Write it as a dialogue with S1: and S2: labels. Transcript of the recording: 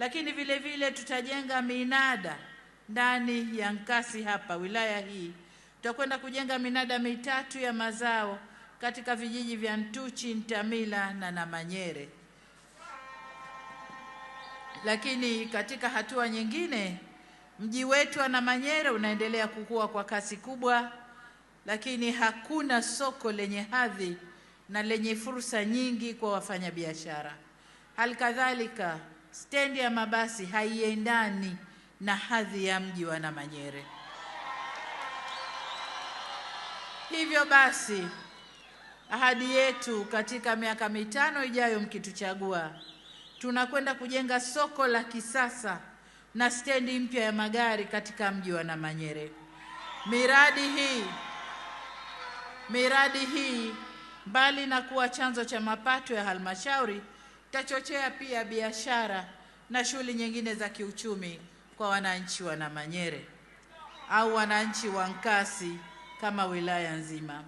S1: lakini vile vile tutajenga minada ndani ya Nkasi hapa wilaya hii. Tutakwenda kujenga minada mitatu ya mazao katika vijiji vya Ntuchi, Ntamila na Namanyere. Lakini katika hatua nyingine, mji wetu wa Namanyere unaendelea kukua kwa kasi kubwa, lakini hakuna soko lenye hadhi na lenye fursa nyingi kwa wafanyabiashara. kadhalika stendi ya mabasi haiendani na hadhi ya mji wa Namanyere. Hivyo basi, ahadi yetu katika miaka mitano ijayo, mkituchagua, tunakwenda kujenga soko la kisasa na stendi mpya ya magari katika mji wa Namanyere. Miradi hii miradi hii mbali na kuwa chanzo cha mapato ya halmashauri Tachochea pia biashara na shughuli nyingine za kiuchumi kwa wananchi wa Namanyere au wananchi wa Nkasi kama wilaya nzima.